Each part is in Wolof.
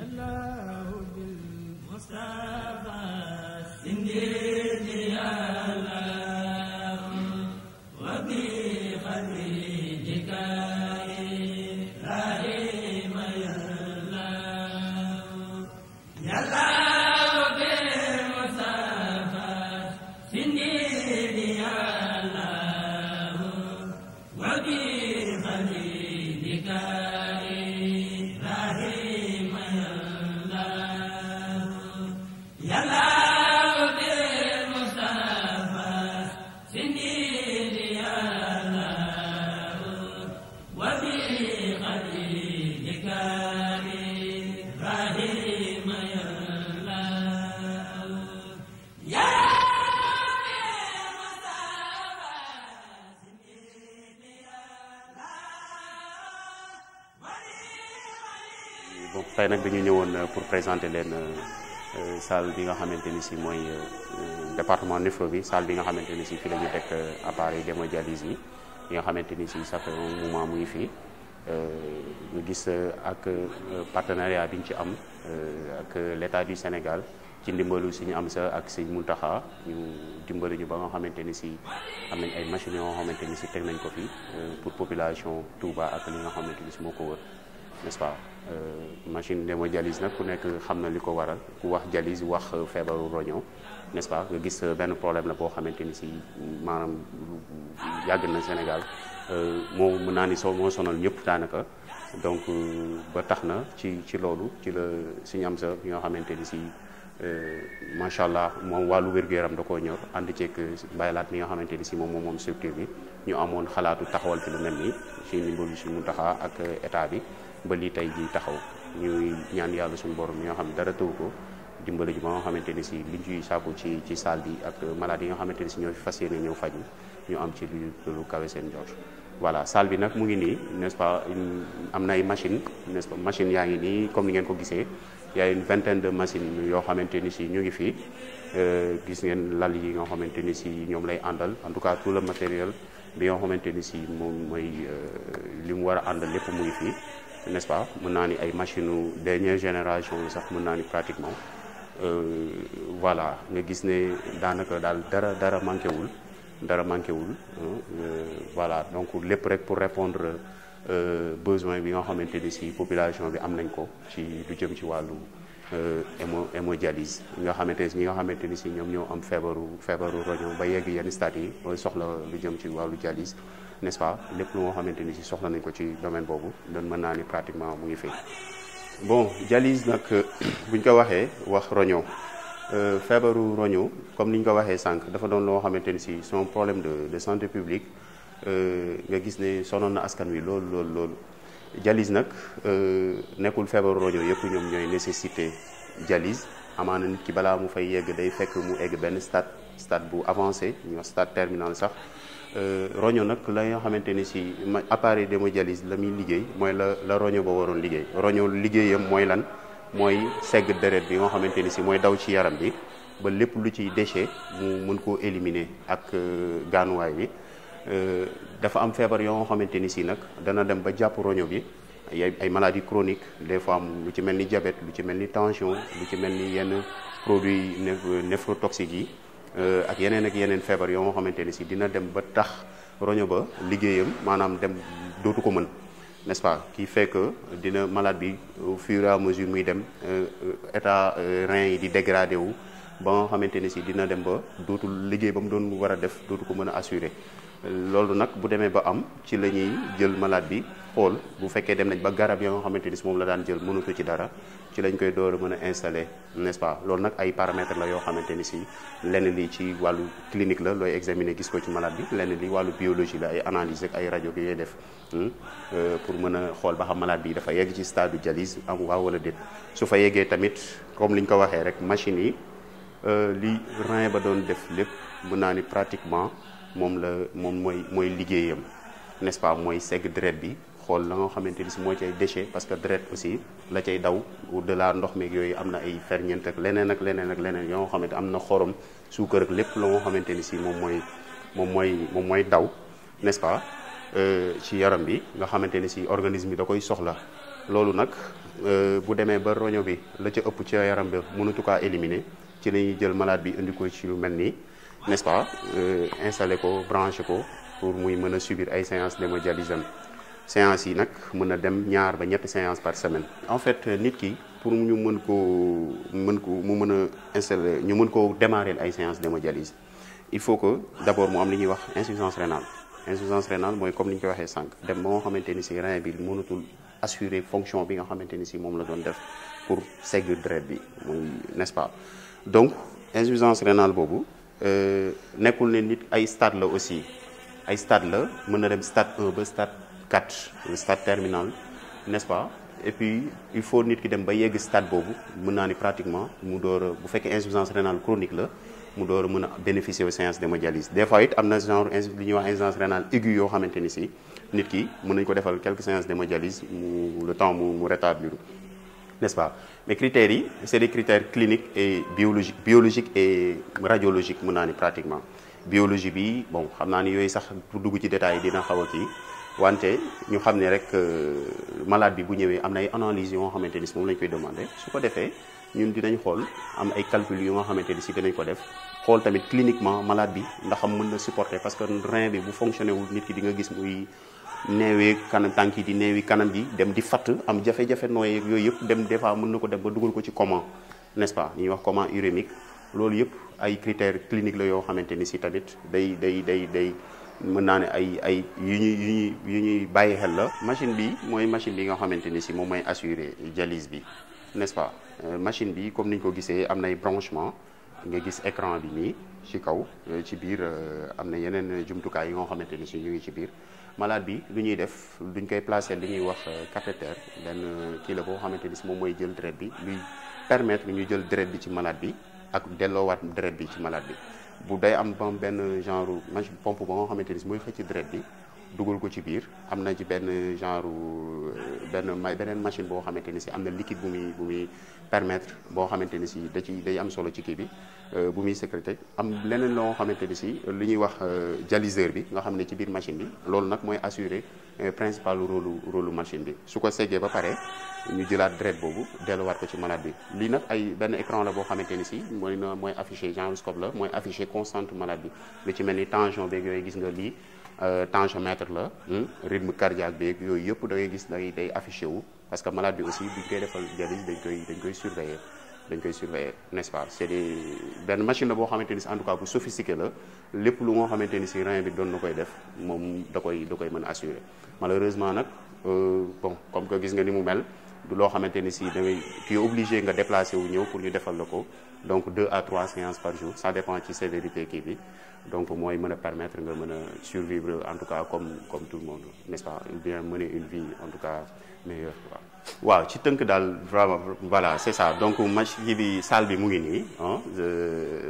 الله بالمصطفى سندي tey nag dañu ñëwoon euh, pour présenter leen euh, euh, salle bi nga xamante ni si mooy département néphro bi salle bi nga xamante ni si fi la ñu teg appareil d'hémodialyse yi yi nga xamante ni si ça fait un moment fii ñu gis ak partenariat bi ñu ci am ak l'État du Sénégal ci ndimbalu si ñu am sa ak sëñ taxa ñu dimbali ñu ba nga xamante ni si am nañ ay machines yoo xamante ni si teg nañ ko fi pour population Touba ak li nga xamante ni si moo ko wër nest euh, machine pas machine d'hémodialyse nag ku nekk xam na li ko waral ku wax dialyse wax feebaru roño n'est-ce pas nga gis euh, benn problème la boo xamante ni si maanaam yàgg na Sénégal euh, moo mën naa ni soo moo sonal ñëpp daanaka donc ba tax na ci ci loolu ci la suñu am sa ñoo xamante ni si macha allah moom wàllu wér-gu-yaram da koo ñor ànd ceeg mbaylaat mi nga xamante ni si moom moom moom structure bi ñu amoon xalaatu taxawal fi lu mel ni ci si mu taxaa ak état bi ba lii tey jii taxaw ñuy ñaan yàlla suñu borom ñoo xam dara tëw ko dimbali ji ba nga xamante ni si liñ ciy sàkku ci ci salle bi ak malade yi nga xamante ni si ñoo fi fas yéene ñëw faj ñu am ci lu seen jot voilà salle bi nag mu ngi nii n'est-ce am na ay machine n'est-ce pas yaa ngi nii comme ni ngeen ko gisee y a de machines yoo xamante ni si ñu ngi fii euh, gis ngeen lal yi nga xamante ni si ñoom lay àndal en tout cas tout le matériel bi nga xamante ni si moom mooy euh, li mu war a àndal lépp mu ngi fii nest pas mun naa ni ay machine u génération yi sax mën naa ni pratiquement euh, voilà nga gis ne daanaka daal dara dara manqué wul dara manqué wul euh, voilà donc lépp rek pour répondre euh, besoin bi nga xamante ni si population bi am nañ ko ci lu jëm ci wàllu Euh, hémo hémodialyse nga xamante ne si ñi nga xamante ni si ñoom ñoo am feebaru feebaru roño ba yegg yenn stade yi booy soxla lu jëm ci wàllu dialyse n'est-ce pas lépp lu nga xamante ni si soxla nañ ko ci domaine boobu doon mën naa ni pratiquement mu ngi fi. bon dialyse nag buñ ko waxee wax roño euh, feebaru roño comme ni ñu ko waxee sànq dafa doon loo xamante ni si son problème de de santé publique euh, nga gis ne sonoon na askan wi loolu loolu loolu. dialyse nag euh, nekkul feebaru roño yëpp ñoom ñooy nécessité jalis amaana nit ki balaa mu fay yegg day fekk mu egg benn stade stade bu avancé ñu wax stade terminal sax euh, roño nag la nga xamante ni si ma appareil jalis la muy liggéey mooy la la roño ba waroon liggéey roño liggéeyam mooy lan mooy segg deret bi nga xamante ni si mooy daw ci yaram bi ba lépp lu ciy déchet mu mën koo éliminer ak euh, gaanuwaay bi Euh, dafa am feebar yoo nga xamante ni si nag dana dem ba jàpp roño bi ay maladie chronique des fois am lu ci mel ni diabète lu ci mel ni tension lu ci mel ni yenn produit néphrotoxiques yi euh, ak yeneen ak yeneen feebar yoo nga xamante ni si dina dem ba tax roño ba liggéeyam maanaam dem dootu ko mën n'est-ce pas qui fait que dina malade bi au fur et à mesure muy dem euh, état rein yi di dégradé wu ba nga xamante ni si dina dem ba dootul liggéey ba mu doon mu war a def dootu ko mën a assurer lolu nak bu démé ba am ci lañuy jël malade bi xool bu féké dem nañ ba garab yoo nga xamante ni la daan jël mënatu ci dara ci lañ koy door mëna installer n'est-ce pas lolu nak ay paramètres la yo xamante ci si li ci walu clinique la loy examiner gis ko ci malade bi lenn li walu biologie la ay analyse ak ay radio bi yooy def hmm, euh, pour mëna xol ba xam malade bi dafa yegg ci stade dialyse am waaw wala déet su fa yeggé tamit comme liñ ko waxé rek machine yi euh li rein ba doon def lépp mën naa ni pratiquement moom la moom mooy mooy liggéeyam nest pas mooy segg deret bi xool la nga xamante ni si moo cay déchet parce que deret aussi la ay daw au-delà ndox meeg yooyu am na ay ferñeent ak leneen ak leneen ak leneen yoo nga xamante am na xorom suukar ak lépp la xamante ni si moom mooy moom mooy moom mooy daw n'est-ce pas euh, ci yaram bi nga xamante ni si organisme bi da koy soxla loolu nag euh, bu demee ba roño bi la ci ëpp ci yaram bi mënatu kaa éliminer ci la ñuy jël malaat bi indi ko ci lu mel nii n'est-ce pas euh, installer ko brancher ko pour muy mën subir ay séances d'hémodialyse séances yi a dem ñaar ba séances par semaine. en fait nit pour ñu ko, démarrer ay séances il faut que d'abord moi am insuffisance rénale insuffisance rénale comme de dem assurer fonction bi nga la pour n'est-ce pas donc insuffisance rénale euh, nekul ne nit ay stade la aussi ay stade la mën na dem stade 1 ba stade 4 un stade terminal n'est-ce pas et puis il faut nit ki dem ba yegg stade bobu mën ni pratiquement mu door bu fekk insuffisance rénale chronique la mu door meuna bénéficier aux séances d'hémodialyse des fois it y a genre li wax insuffisance rénale aiguë yo xamante ni si nit ki meun nañ ko defal quelques séances d'hémodialyse mu le temps mu rétablir n'est-ce pas mes critères c'est les critères cliniques et biologiques biologiques et radiologiques mën naa pratiquement biologie bi bon xam naa ni yooyu sax pour dugg ci détails dina xaw a kii wante ñu xam ne rek euh, malade bi bu ñëwee am na ay analyses yoo xamante ni si moom la ñu koy demandé su ko defee ñun dinañ xool am ay calcul yu nga xamante ni si dinañ ko def xool tamit cliniquement malade bi ndax am mën supporter parce que rein bi bu fonctionné wul nit ki di nga gis muy neewee kanam tànk yi di neewi kanam bi dem di fat am jafé jafé nooyee ak yoyep dem des fois mën nako dem ba dugal ko ci comment n'est-ce pas ni wax comment urémique lolou yep ay critères cliniques la yo xamanteni ni si tamit day day day day mën naa ay ay yu ñuy yu ñuy yu ñuy bàyyi xel la machine bi moy machine bi nga xamanteni ni si moom assurer dialyse bi n'est-ce pas euh, machine bi comme niñ ko gisee am nay branchement nga gis écran bi nii ci kaw euh, ci biir euh, am na yeneen jumtukaay yi nga xamante ni si ñu ngi ci biir malade bi lu ñuy def duñ koy placer li ñuy wax euh, cathéter benn kii la boo xamante ni si moom mooy jël deret bi luy permettre ñu jël deret bi ci malaat bi ak delloowaat deret bi ci malade bi bu day am bam benn genre pompe ba nga xamante ni si mooy xëcc deret bi dugul ko ci biir am na ci benn genre euh, benn beneen machine boo xamante ni si am na liquide bu muy bu muy permettre boo xamante ni si da ci day am solo ci kii bi euh, bu muy sécrété am leneen loo xamante ni si lu ñuy wax euh, dialiseur bi nga xam ne ci biir machine bi loolu nag mooy assurer principal rôle rôle machine bi su ko seggee ba pare ñu jëlaat deret boobu delluwaat ko ci malade bi lii nag ay benn écran la boo xamante ni si mooy na mooy affiché gyroscope la mooy affiché constante malade bi lu ci mel ni tension beeg yooyu gis nga lii Euh, tensiomètre la hmm? rythme cardiaque beeg yooyu yëpp da ngay gis day day affiché wu parce que malade bi aussi buñ koy defal dialyse dañ koy dañ koy surveiller dañ koy surveiller n'est-ce pas c'est des machine la boo xamante ni si en tout cas bu sophistiqué la lépp lu nga xamante ni si rein bi doon na koy def moom da koy da koy mën a assurer malheureusement nag euh, bon comme que gis nga ni mu mel du lo xamanteni si da ngay obligé nga déplacer wu ñëw pour ñu défal la donc deux à trois séances par jour ça dépend ci sévérité qui bi donc moy mën permettre nga mën survivre en tout cas comme comme tout le monde n'est-ce pas bien mener une vie en tout cas meilleure quoi waaw ci teunk dal vraiment voilà c'est ça donc machine bi salle bi mu ngi nii ah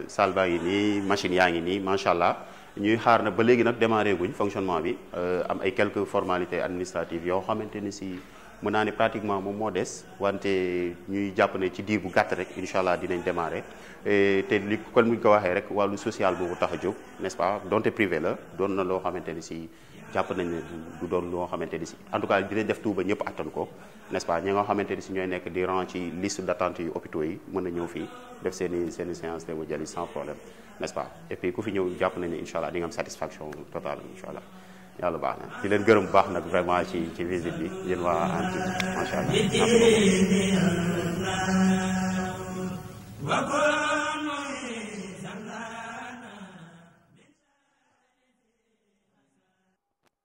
salle ba ngi ni machine yaa ngi nii macha ñuy xaar na ba léegi nag démarré guñ fonctionnement bi euh, am ay quelques formalités administratives yoo xamante ni si. mu naa ne pratiquement moom moo des wante ñuy jàpp ne ci diir bu rek incha allah dinañ démarré e te li comme ñu ko waxee rek wàllu social boobu tax a jóg n' est ce pas donte privé la doon na loo xamante ni si jàpp nañ ne du doon loo xamante ni si en tout cas dina def tuuba ñëpp attan ko n' est ce pas ñi nga xamante ni si ñooy nekk di rang ci liste d' yu hôpitaux yi mën ñëw fii def seen i seen i séance démo jali sans problème n' est ce pas et puis ku fi ñëw jàpp e nañ ne incha allah di nga am satisfaction totale incha allah yàlla baax na di leen gërëm bu baax nag vraiment ci ci visite bi yéen waa anti macha allah